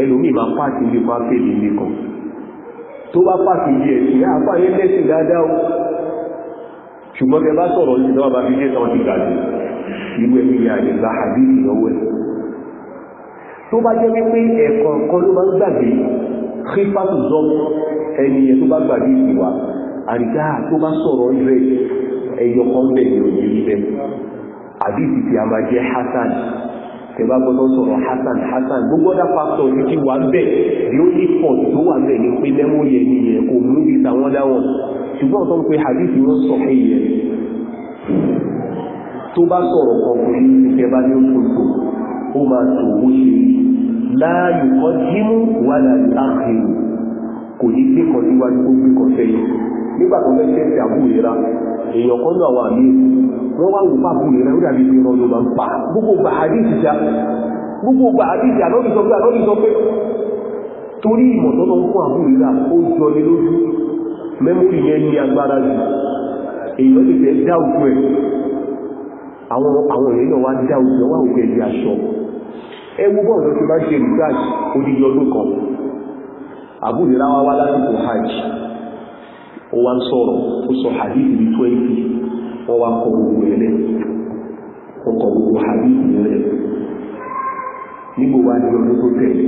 ẹlòmíì máa pàtì nípa fèlè nìkan tó bá pàkìyí ẹ̀sìn náà ah, fàyé lẹ́sìn dáadáa ṣùgbọ́n tẹ bá sọ̀rọ̀ ní ìdáwà bá fi jẹ́ tán ti gàjù ìwé ìyẹ àyẹ̀gbà àbí ìnáwó ẹ̀ tó bá jẹ́ wípé ẹ̀kọ́ kan ló bá ń gbàgbé kífàtù zọ́m ẹni ẹ̀ tó bá gbàgbé ìwà àbí ìsìtì a máa tẹ̀bá gbọ́dọ̀ sọ̀rọ̀ hasan hasan gbogbo ọ̀dà pásítọ̀ ní ti wà bẹ́ẹ̀ the only point tó wà bẹ́ẹ̀ ni pé lẹ́wọ̀n yẹn ni yẹn kò mú bí tàwọn dáwọn ṣùgbọ́n tó ń pe hadith wọn sọ pé yẹn tó bá sọ̀rọ̀ kọkùnrin ní tẹ̀bá ní oṣooṣù ó máa tó owó ṣe láàyò kọ́ jímú wà láti áàkìrì kò ní gbé kan síwájú wọ́n wá wò pàbù yẹn náà ó dàbí pé pa gbogbo gbà àdéhìí já gbogbo gbà àdéhìí àlọ́bí pé pé torí ìmọ̀ tó lọ ń fún àbúrò náà ó jọ ní lójú mẹ́mórì yẹn ní agbára jù èyí ó fẹ́ àwọn èèyàn wá dá òkú ẹ̀ wá òkú ẹ̀ di aṣọ ẹ tó bá ṣe odidi ọdún kan àbúrò wá hajj ó wá ń wọ́n wá kọ gbogbo ẹ̀ lẹ̀ wọ́n kọ gbogbo hadith lẹ̀ nígbò wá ní ọdún tó tẹ̀lé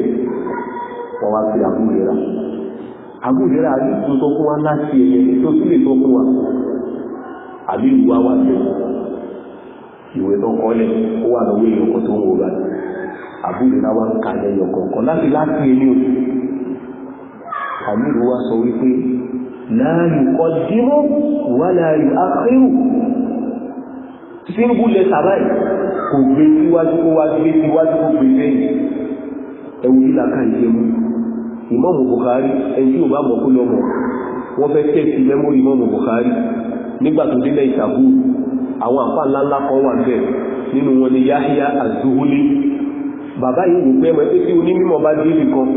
wọ́n wá sí àbúrẹ́ra àbúrẹ́ra àdúgbò tó fún wa láti ẹ̀yẹ tó tún lè tó fún wa àbí ìwà síngú lẹ sàbáyì kò gbé síwájú kó wá gbé síwájú kó gbé lẹ́yìn ẹwù lílà ká ìṣe mú ìmọ̀mù Bukhari ẹni tí ò bá mọ̀ kó lọ mọ̀ wọ́n fẹ́ tẹ́sí mẹ́mórì ìmọ̀mù Bukhari nígbà tó délẹ̀ ìṣàbù àwọn àpá ńláńlá kan wà bẹ́ẹ̀ nínú wọn ni Yahya Az-Zuhuli bàbá yìí wò pé ẹmọ pé tí onímọ̀ bá dé ibì kan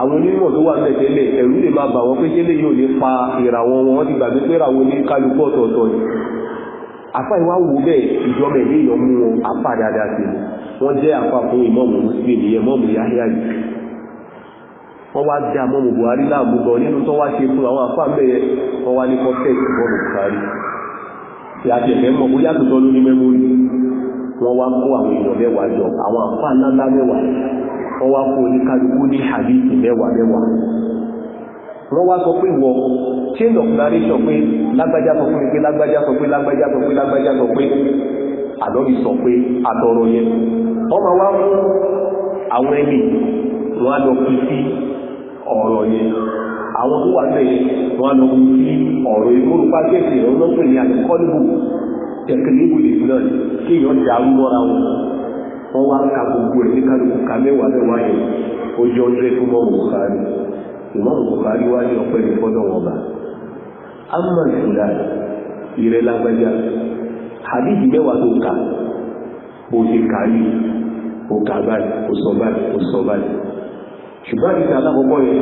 àwọn onímọ̀ tó wà ń tẹ̀tẹ̀lẹ̀ ẹ̀rú lè máa bà wọ́n pé tẹ́lẹ̀ yóò lè fa ìràwọ̀ wọn ti gbàgbé pé ìràwọ̀ ní kálukú ọ̀tọ̀ọ̀tọ̀ àfà ìwá wo bẹ́ẹ̀ ìjọba ilé ìyọmú wọn àfà dáadáa sí wọ́n jẹ́ àfà fún ìmọ̀mù muslim ìyẹmọ̀mù yahya yìí wọ́n wá dá mọ́mù buhari láàbù gan nínú tó wá ṣe fún àwọn àfà mẹ́yẹ wọ́n wá ní kọ́tẹ́ẹ̀tì mọ́mù buhari tí a tẹ̀fẹ́ mọ̀ wọ́n wá sọ pé wọ change of narration pé lágbájá sọ fún mi pé lágbájá sọ pé lágbájá sọ pé lágbájá sọ pé àlọ́bí sọ pé àtọ̀rọ̀ yẹn ọmọ wá mú àwọn ẹni wọ́n á lọ fi sí ọ̀rọ̀ yẹn àwọn tó wà bẹ́ẹ̀ wọ́n á lọ fi sí ọ̀rọ̀ yẹn ìmọ̀rù bùkárí wáyé ọ̀pẹ́ ní fọ́dọ̀ wọn bá amma ìfúnra ìrẹ́ lágbájá hadith mẹ́wàá tó kà ó ti kàrí ó kà báyìí o sọ báyìí ó sọ báyìí ṣùgbọ́n àti ìta alákọ̀ọ́kọ́ yẹn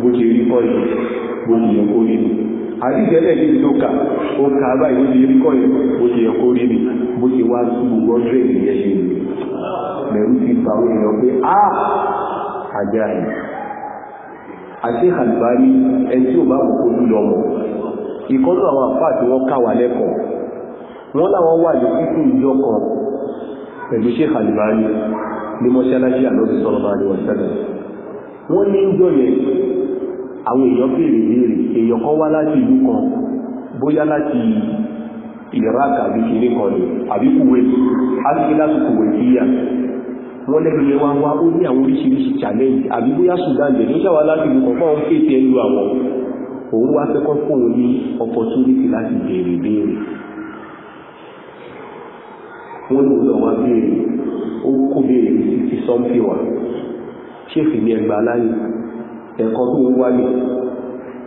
bó ṣe rí kọ́ yẹn bó ṣe yẹ kó rí ni àdíjẹ́lẹ̀ yìí tó kà o kà báyìí bó ṣe rí kọ́ yẹn bó ṣe yẹ kó rí ni bó ṣe wá gbogbo ọdún ènìyàn ṣe ni mẹ̀rú ti fa àwọn èèyàn pé ah, á àjẹ́ àti àgbáyé ẹn tí ò bá wò kó lúlọ mọ̀ ìkọ́lù àwọn àfáà tí wọ́n kà wà lẹ́kọ̀ọ́ wọ́n láwọn wà ní kíkún ìjọ kan pẹ̀lú ṣe àlìbáyé ní mọ́ṣáláṣí àlọ́bí sọ̀rọ̀ bá ní wọ̀sẹ̀lẹ̀ wọ́n ní ń jọ yẹn àwọn èèyàn béèrè béèrè èèyàn wọ́n lẹ́nu lè wá wá ó ní àwọn oríṣiríṣi challenge àbí bóyá Sudan lè ní sáwà láti ìlú kọ̀ọ̀kan ó kéèké ẹnu àwọn òun wá fẹ́ kọ́ fóun ní opportunity láti béèrè béèrè wọ́n ní òun àwọn abéèrè ó kó béèrè sí sọ́ńpì wà ṣéèfì ní ẹgbàá láyé ẹ̀kọ́ tó ń wáyé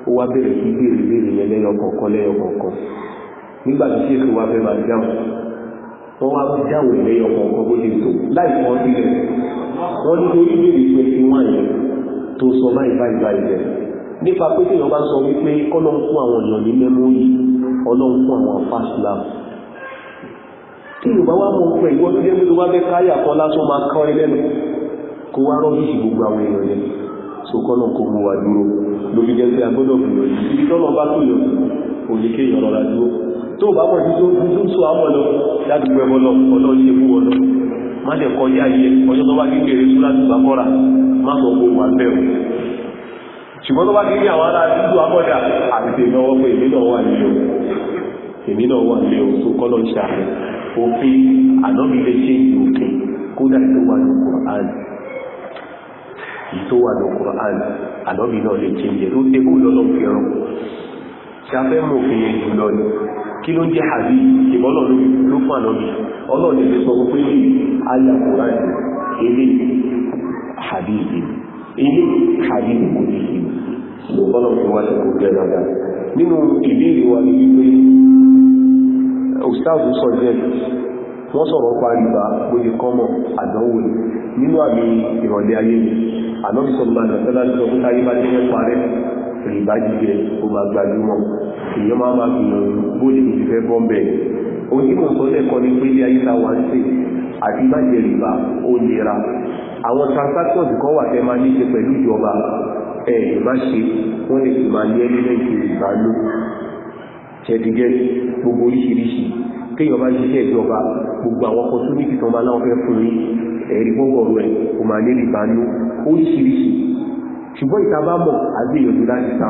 ó wá bẹ̀rẹ̀ sí béèrè béèrè yẹn lẹ́yọ kọ̀ọ̀kan lẹ́yọ kọ̀ọ̀kan nígbà tí ṣéèfì wá fẹ́ máa dáhùn wọ́n wá fi jáwé lẹ́yọ kọ̀ọ̀kan bó ti tò láì mọ́ nílẹ̀ wọ́n ní torí bèrè pé kí wọ́n yẹn tó sọ báyìí báyìí báyìí bẹ̀ nípa pé tí wọ́n bá sọ wípé ọlọ́run fún àwọn èèyàn ní mẹ́mórì ọlọ́run fún àwọn fásilà tí yorùbá wá mọ̀ pé ìwọ́n tó débí tó wá fẹ́ káyà kan lásán máa kọ́ ẹ lẹ́nu kó wá rọ́ yìí gbogbo àwọn èèyàn yẹn sọkọ́nà kò mú wa dúró lóbi jẹ́ pé agbọ́dọ̀ fìyàn ibi tọ́nà bá tó yọ òyìnkéyàn rọra dúró tó bá mọ̀ títí ó dúdú sọ àwọn lọ dádùgbẹ́ bọ́lọ̀ ọlọ́ ṣe fún ọlọ́ má dẹ̀ kọ yá yẹ ọjọ́ tó bá kékeré tó láti gbà o èmi náà wà nílé o tó kọ́lọ̀ ṣe àmì òfin ànábìlẹ̀ ṣe òfin kódà tó wà ní Kùránì tó wà ní Kùránì ànábìlẹ̀ ṣe ìyẹ̀ tó débò lọ́lọ́ fi yẹn jù lọ kí ló jẹ́ àbí ìbọ́lọ̀ ló fún ànábì ọlọ́ọ̀dẹ̀ lè sọ pé ní ayàkùnrà ilé àbí ìdí ilé àbí ìkò ní ìlú ló bọ́lọ̀ fún wáyé kò gẹ́ dáadáa nínú ìbéèrè wa ní wípé ustaz sọ jẹ́ wọ́n sọ̀rọ̀ pa rìbá lórí kọ́mọ̀ àdánwò nínú àmì ìrọ̀lẹ́ ayé ànábì sọ̀rọ̀ máa nà tẹ́lá èèyàn máa máa gbìyànjú bóde kò ti fẹ́ bọ́ mbẹ́ ohun tí mo sọ lẹ́kọ́ ni pé ilé ayé ta wà ń sè àti má jẹ rìbá ó nira àwọn transactions kan wà tẹ́ máa ní ṣe pẹ̀lú ìjọba ẹ̀ má ṣe wọ́n lè sì máa ní ẹ́lẹ́mẹ̀ntì rìbá ló ṣẹ̀dígẹ́ gbogbo oríṣiríṣi kéèyàn bá ṣiṣẹ́ ìjọba gbogbo àwọn ọkọ̀ tó ní kí tọ́ba láwọn fẹ́ fún yín ẹ̀rí gbọ́ngọ̀rọ̀ ẹ̀ kò máa ní rìbá ló oríṣiríṣi ṣùgbọ́n ìta bá mọ̀ àgbéyànjú láti ta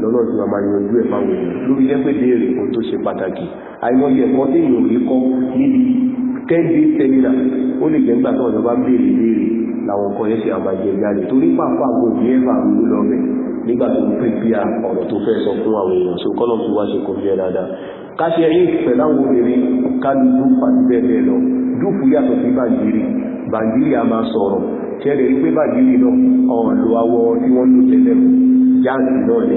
lọ́nà tí wọ́n máa yanjú ẹ̀ fáwọn èèyàn lórí lẹ́pẹ́ béèrè ohun tó ṣe pàtàkì àìmọye ẹ̀kọ́ tí èèyàn rí kọ́ níbi ten day seminar ó lè jẹ́ nígbà tó ọ̀dọ́ bá ń béèrè béèrè làwọn nǹkan yẹn ṣe àbàjẹ́ ìyáni torí pàápàá àwọn òbí ẹ̀fà ń lò lọ́mẹ̀ nígbà tó ń pè bí ọ̀rọ̀ tó fẹ́ sọ fún àwọn èèyàn so kọ́lọ̀ fi wá ṣe kò jẹ́ dáadáa ká ṣe a máa sọ̀rọ̀ ṣẹlẹ̀ rí pé bàǹdìrì náà ọ̀rọ̀ lo awọ tí wọ́n lò tẹ́lẹ̀ jáàǹtì náà ni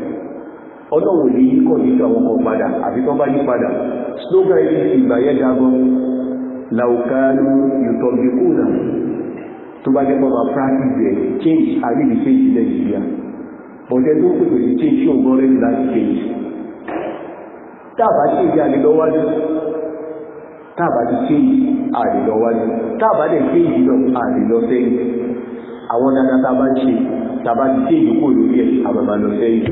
ọlọ́run lè yí kọ̀díṣọ̀ àwọn kan padà àfi tó bá yí padà slogan ilé ìgbà yẹn dágọ́ laukanu yutobikuna tó bá jẹ́ pọ́ máa practice ẹ̀ change àríbi change nàìjíríà bọ̀dẹ́ tó pèpè sí change ṣó gọ́rẹ́ láti change táàbà change àlélọ́wájú táàbà ti change àlélọ́wájú táàbà dẹ̀ change náà àwọn dáadáa tábà ń ṣe tábà ti change kò lórí ẹ̀ àbàbà lọ́sẹ́yìn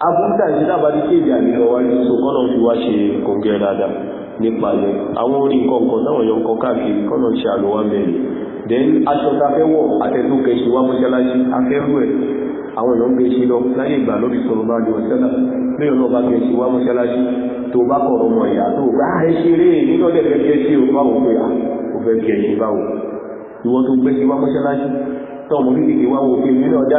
abúntà ìdábàdí kéde àrílọ wáyé so kọ́nà fi wá ṣe kòǹgẹ́ dáadáa nípa rẹ̀ àwọn orí nǹkan kan táwọn yọ nǹkan káàkiri kọ́nà ṣe àlọ́wà mẹ́rin then aṣọ ta fẹ́ wọ̀ àtẹ́túnkẹ́ ṣe wá mọ́ṣáláṣí afẹ́rú ẹ̀ àwọn èèyàn gbé ṣe lọ láyé ìgbà lórí sọ̀rọ̀ bá jù ọ̀sẹ́lá lóyìn náà bá gbé ṣe wá mọ́ṣáláṣí tó bá kọ̀rọ̀ mọ̀ ìyá tó bá ah, ẹ ṣeré nínú ọ̀dẹ̀ fẹ́ gbé ṣe òun báwo pé ó ah, fẹ́ gbé ẹ̀yìn báwo ìwọ́n tó gbé ṣe wá mọ́ṣáláṣí tọ́mọ kékeré wá wo pé nínú ọ̀dá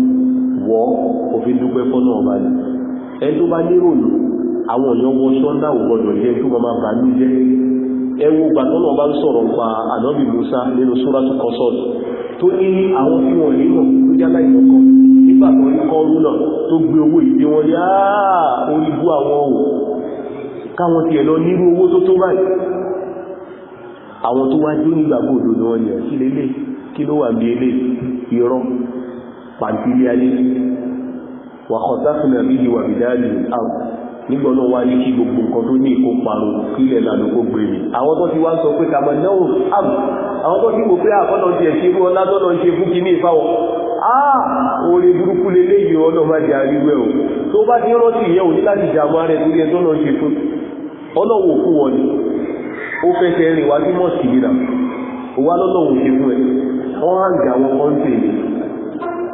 wọ́ òfin dúpẹ́ fọ́nà ọba ni ẹni bá lérò lò àwọn èèyàn wọ ṣọ́ndà ògbọ́dọ̀ jẹ́ tó máa bà ní jẹ́ gbàtọ́nà ọba ń sọ̀rọ̀ pa ànábì Musa nínú súrátù Qasas tó ní àwọn tí wọ́n lè mọ̀ tó jẹ́ aláìmọ̀kan nígbà tó ń kọ́ tó gbé owó wọn ní àà àwọn ohun káwọn ti nírú owó tó tó báyìí àwọn tó wájú nígbàgbọ́ pàǹtílé ayé wà kọ̀tàkùnà bí i wà bìdáàlì àpò nígbọ́nà wá ní kí gbogbo nǹkan tó ní ìkó parun kílẹ̀ lànà kó gbèrè àwọn tó ti wá sọ pé kàmà náà àmì àwọn tó ti mọ̀ pé àkọ́nà ah, ti ẹ̀ ṣe fún ọlá tọ́nà ṣe fún kí ah, ní ìfáwọ̀ àà orí burúkú lè léyìn ọlọ́ wọ́n á gà wọn kọ́ńtẹ̀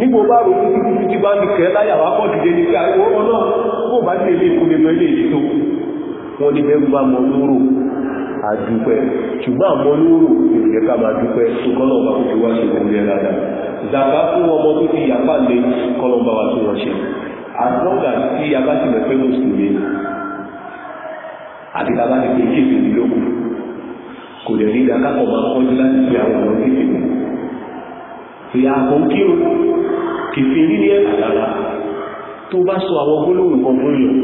nígbò bá rò títí títí bá ní kẹ́ láyàwó pọ̀ dìde ní káàkó ọ̀nà kó bá ní ilé ìkúnlẹ̀ lọ ilé ìlú wọn ni bẹ́rù bá mọ́núrò àdúpẹ́ ṣùgbọ́n mọ́núrò ìrìnlẹ̀ ká máa dúpẹ́ tó kọ́nà ọba kò fi wá ṣe ìkúnlẹ̀ rádà zàkà fún ọmọ tó ti yàpá lé kọ́lọ́mbà wa tó wọ́n ṣe àtọ́gà tí a bá ti mẹ̀ pé mùsùlùmí àti tá a bá ti pè kéèké ìlókù kò lè rí ìdákàkọ̀ máa kọjú láti fi àwọn ọmọ kéèké tí a kò kírun kèfè rí ní àdára tó bá sọ àwọn gbólóhùn kan fún yàn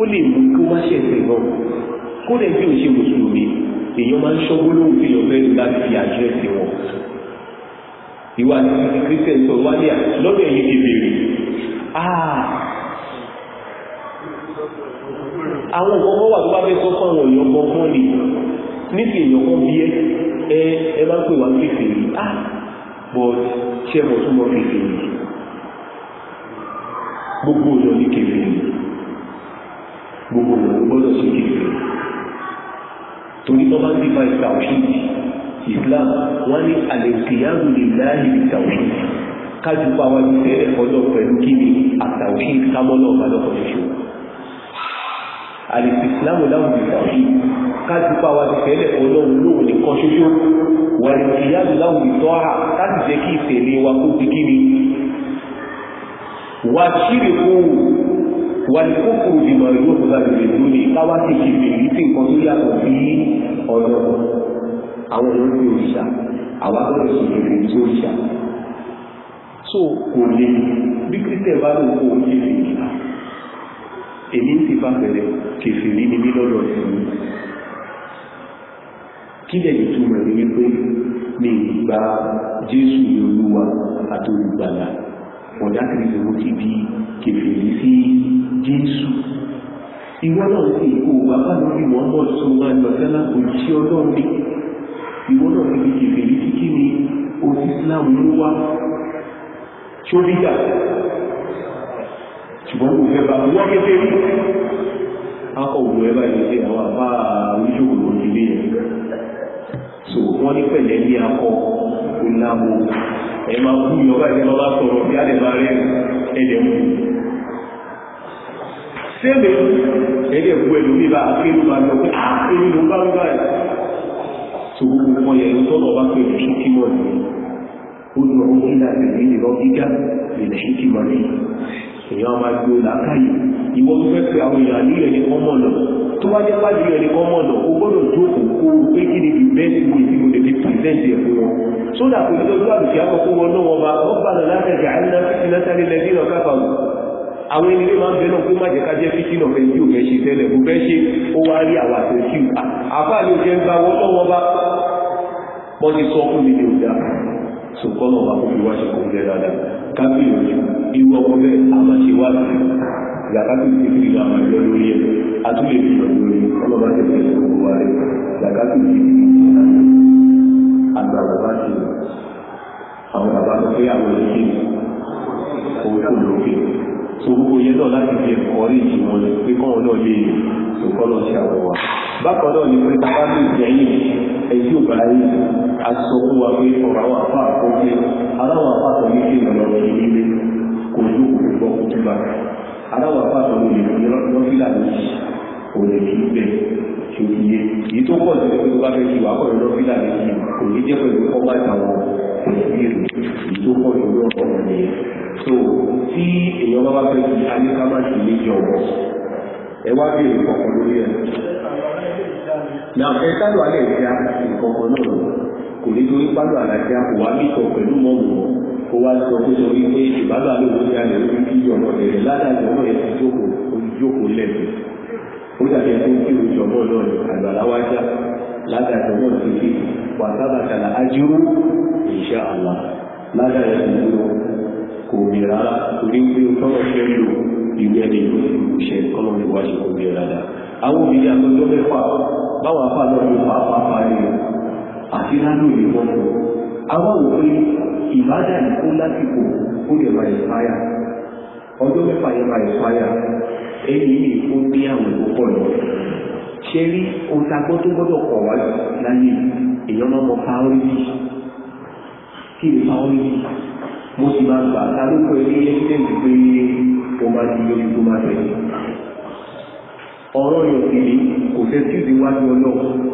ó lè mú kó má ṣe ẹsẹ̀ náà kó dẹ̀ bí ò ṣe mùsùlùmí èèyàn máa ń sọ gbólóhùn sí ọ̀fẹ́ láti fi àdírẹ́sì wọn ìwà kristian sọ wá ní lọ́dọ̀ ẹ̀yìn ti bèrè ah! àwọn ọmọ wà tó bá fẹ́ sọ fún àwọn èèyàn kọ̀ọ̀kan ni níbi èèyàn kan bí ẹ ẹ bá pè wá fèfèé ah but ṣe mọ̀ tún mọ̀ fèfèé gbogbo èèyàn ní kèfèrè gbogbo èèyàn gbọ́dọ̀ sí kèfèrè torí tó bá ń dípa ìtàwùsíìdì islam wọ́n ní àlèkìyàwó lè láàyè ìtàwùsíìdì kájú pa wá ní fẹ́rẹ̀ ọjọ́ pẹ̀lú kí ni àtàwùsíìdì kámọ́lọ́ ọ̀bálọ́kọ̀ ṣoṣo àlèkìyàwó láwùjọ ìtàwùsíìdì kájú pa wá ní fẹ́rẹ̀ ọlọ́run lóhùn nìkan ṣoṣo wàlèkìyàwó láwùjọ ìtọ́ha láti jẹ́ kí ìtẹ̀lé wa kó ti kí ni wà ṣírí fún wà ní kókòrò ìmọ̀ ìlú òkúta bèrè lórí káwá sì ṣe bèrè sí nǹkan tó yàtọ̀ sí ọ̀dọ̀ àwọn olórí òrìṣà àwa gbọ́dọ̀ ṣe bèrè sí òrìṣà so kò lè bí kírísítẹ̀ bá lò kó o ṣe bèrè èmi ń ti bá bẹ̀rẹ̀ kèfèrí ni mí lọ́dọ̀ sí mi kí lè yìí túmọ̀ ní wípé mi ìgbà Jésù lolúwa àti olùgbàlà ọ̀dákìrì lòó ti di kèfèrí sí jésù ìwọ náà sì kó bàbá náà bí wọ́n bọ̀ sọ wá ìgbàsẹ́lá òjíṣẹ́ ọlọ́run ní ìwọ náà ti di kèfèrí sí kí ni oṣù islam ló wá tó dígbà ṣùgbọ́n kò fẹ́ bá wọ́n kékeré akọ̀ òwò ẹ̀ báyìí ṣe àwọn àbá oníṣòwò lòdì lé yẹn so wọ́n ní pẹ̀lẹ́ ní akọ oláwo ẹ máa kú yọ bá ìjọba bá sọ̀rọ̀ bí a lè máa rẹ̀ ẹ̀dẹ̀ mú sẹ́mi ẹ̀dẹ̀ kú ẹ̀lú mi bá akéwì máa lọ pé á ah, èmi ló bá wíwá ẹ̀ tó gbogbo kan yẹ lọ́tọ́lọ́ bá pè ní ṣíkímọ̀ ní ó ní ọmọ ìlànà ìlú ìlọ́gígá lè ṣíkímọ̀ ní èèyàn máa gbé làákàyè ìwọ tó fẹ́ pe àwọn èèyàn àlúlẹ̀ ní kọ́ mọ̀nà tó wá jẹ́ pàdé rẹ̀ ní kọ́ mọ̀nà o gbọ́dọ̀ jókòó kó o pé kí ni the best way tí mo lè fi present ẹ̀ fún wọn. sódà kò ní lọ́jọ́ àbùkí àkọ́kọ́ wọn náà wọn bá wọ́n bá lọ látẹ̀jẹ̀ àìlá ìlátàlẹ̀ lẹ́dínà káfàmù àwọn ènìyàn máa ń bẹ náà kó má jẹ́ ká jẹ́ fífi náà fẹ́ẹ́ tí ò fẹ́ ṣe tẹ́lẹ̀ kó fẹ́ ṣe ó wá rí àwọn àtẹ̀sí àfáà ló jẹ́ ń bá wọ́n náà wà fún zakatu ti fi ìlú àwọn ẹjọ́ lórí ẹ̀ a tún lè fi ìlú lórí ọlọ́ba ti fi ìlú wa rẹ̀ zakatu ti fi ìlú àgbà bàbá ti àwọn bàbá tó fẹ́ àwọn ìṣe òun kò lókè so gbogbo yẹn náà láti fi ẹ̀kọ́ rí ìwọ̀n pé kọ́ọ̀ náà lè sọ̀kọ́ lọ sí àwọn wa bákan náà ni pé bàbá mi jẹ́yìn ẹ̀jú ọ̀gá yìí aṣọ wa pé ọ̀rọ̀ àwọn àpá àkọ́jẹ́ aláwọ̀ apáṣọ ló lè lọ fílà méjì kò lè kí bẹ́ẹ̀ tí ó yé èyí tó pọ̀ sí pé bá fẹ́ kí wà kọ̀ lọ fílà méjì kò ní jẹ́ pẹ̀lú ọmọ àtàwọn ìbéèrè èyí tó pọ̀ sí lọ́rọ̀ ọmọ nìyẹn so tí èèyàn bá bá fẹ́ kí alíkámá sì lè jọ wọ ẹ wá béèrè kọ̀ọ̀kan lórí ẹ̀ náà ẹ sálọ alẹ́ ìjà ìkọ̀ọ̀kan náà kò ní torí pálọ̀ àlàjá kò wá bí kọ̀ pẹ̀lú mọ́ọ̀mù kó wá sọ pé sọ wípé ìbábà ló ń gbé àná lórí bí ọ̀nà rẹ̀ ládàjọ́ náà yẹn jókòó olùjókòó lẹ́nu ó dàbí ẹni tó ń kí ìjọba náà àgbàlá wá já ládàjọ́ náà ti fi wàtábà kàlà ájúrú insha Allah ládàjọ́ ìlú kò mí rárá torí pé ó tọ́wọ́ fẹ́ lò ìwé ẹni ló ṣe kọ́nà ìwà ṣe kò mí rárá àwọn òbí àtọ́jọ́ mẹ́fà báwọn afá náà àwọn òfin ìbádà ìkó lásìkò ó lè máa ìfáyà ọjọ́ mẹ́fà yẹn máa ìfáyà èyí ni ó ní àwọn ìkókọ̀ lọ ṣe rí ohun tá a gbọ́ tó gbọ́dọ̀ kọ̀ wá láyé èèyàn máa mọ ibi. kí ni priority mo sì máa gbà ta ló pẹ́ ní pé mo máa di lórí tó máa ọ̀rọ̀ kò fẹ́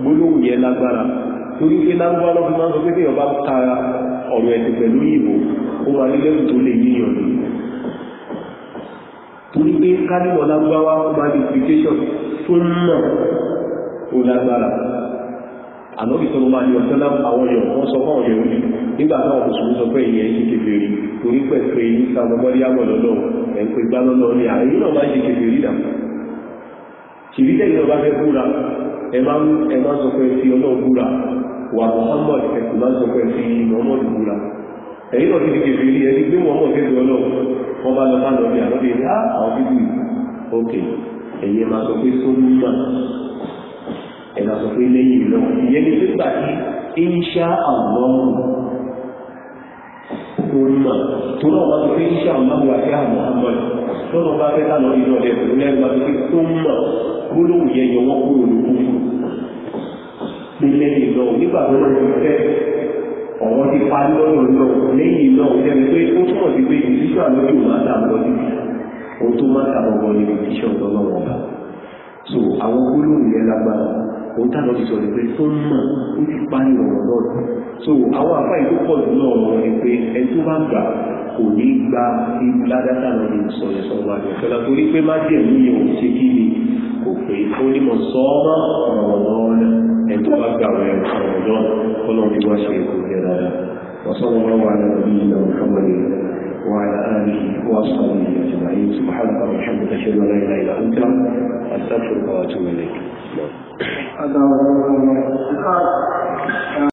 gbólóhùn yẹn lágbára torí pé lágbára lọ́fi máa ń sọ pé bí ọba tara ọ̀rọ̀ ẹ̀sìn pẹ̀lú ìbò ó máa ní lẹ́rù tó lè yíyan ni torí pé kálíwọ̀ lágbára magnification tó ń mọ̀ ó lágbára ànọ́bì tó máa ní ọ̀sẹ́lá àwọn èèyàn wọ́n sọ nígbà táwọn sọ pé ìyẹn ṣe torí pẹ̀ pé ní sàmọ́mọ́rí ẹ̀ ń ẹ má sọ pé fi ọlọ́run búra wà Muhammad ẹ kò má sọ pé fi Muhammad búra ẹ̀yìn náà ti kèfì rí ẹni gbé Muhammad fi ọlọ́run wọ́n bá lọ bá lọ bí àlọ́dẹ ní àwọn bíbí ok ẹ̀yẹ má sọ pé sọ́mùmá ẹ̀ má sọ pé lẹ́yìn náà ìyẹn ni pé gbà kí insha Allah tó mọ̀ tó náà wá pé iṣẹ́ àmàlù àti àmọ́ àmọ́lù tó náà bá fẹ́ lánàá ìlú ọ̀dẹ pẹ̀lú lẹ́nu wá pé tó mọ̀ gbólóhùn yẹn yọ wọ́n kúrò lóko nílé ìlọ nígbà tó lọ sí fẹ́ ọ̀rọ̀ ti parí lọ́dọ̀ lọ lẹ́yìn ìlọ ìlẹ́nu pé ó túmọ̀ sí pé ìdíṣọ́ àlọ́jù máa dà lọ sí ohun tó máa dà lọ́wọ́ ni ìdíṣọ́ lọ́wọ́ wọn bá so àwọn gbólóhùn yẹn lágbára òun tá lọ́ọ́ sọ ni pé tó ń mọ̀ ó ti parí ọ̀rọ̀ lọ́rọ̀ so àwọn afá yìí tó pọ̀ jù náà wọ́n ni pé ẹni tó bá gbà kò ní gba ibi ládàtà lọ ní sọ̀rọ̀ sọ̀rọ̀ àjọ ìfẹ́lá torí pé má jẹ̀ mí yẹn ò ṣe kí ni kò pé ó sọ́ọ́mọ́ ọ̀rọ̀ lọ́rọ̀ ẹni tó bá gbà wẹ̀ ọ̀rọ̀ lọ́rọ̀ الله على نبينا محمد وعلى آله وأصحابه أجمعين سبحانك اللهم وبحمدك أشهد أن لا إله إلا أنت أستغفرك وأتوب إليك No.